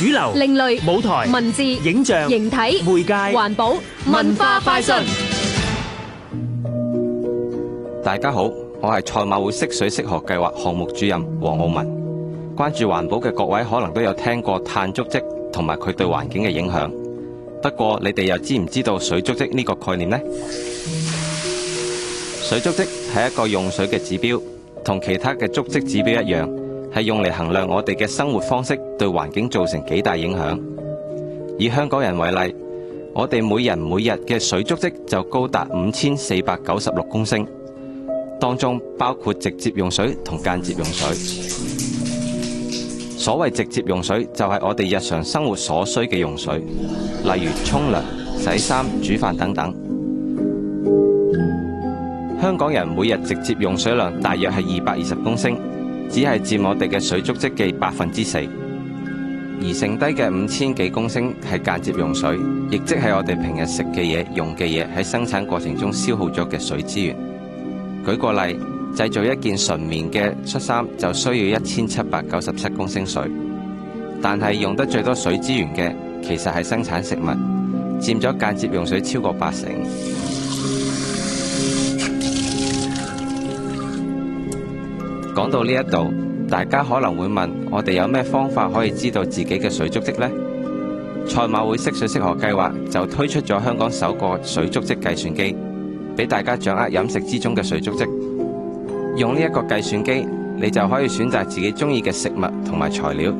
主流、另類舞台、文字、影像、形體、媒介、環保、文化快訊。大家好，我係賽馬會識水識河計劃項目主任黃浩文。關注環保嘅各位可能都有聽過碳足跡同埋佢對環境嘅影響，不過你哋又知唔知道水足跡呢個概念呢？水足跡係一個用水嘅指標，同其他嘅足跡指標一樣，係用嚟衡量我哋嘅生活方式對環境造成幾大影響。以香港人為例，我哋每人每日嘅水足跡就高達五千四百九十六公升，當中包括直接用水同間接用水。所謂直接用水就係我哋日常生活所需嘅用水，例如沖涼、洗衫、煮飯等等。香港人每日直接用水量大約係二百二十公升。只係佔我哋嘅水足跡嘅百分之四，而剩低嘅五千幾公升係間接用水，亦即係我哋平日食嘅嘢、用嘅嘢喺生產過程中消耗咗嘅水資源。舉個例，製造一件純棉嘅恤衫就需要一千七百九十七公升水，但係用得最多水資源嘅其實係生產食物，佔咗間接用水超過八成。講到呢一度，大家可能會問，「我哋有咩方法可以知道自己嘅水足跡呢？」賽馬會惜水識河計劃就推出咗香港首個水足跡計算機，俾大家掌握飲食之中嘅水足跡。用呢一個計算機，你就可以選擇自己中意嘅食物同埋材料，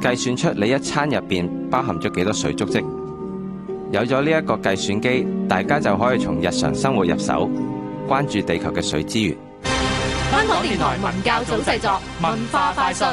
計算出你一餐入邊包含咗幾多水足跡。有咗呢一個計算機，大家就可以從日常生活入手，關注地球嘅水資源。香港電台文教組製作《文化快訊》。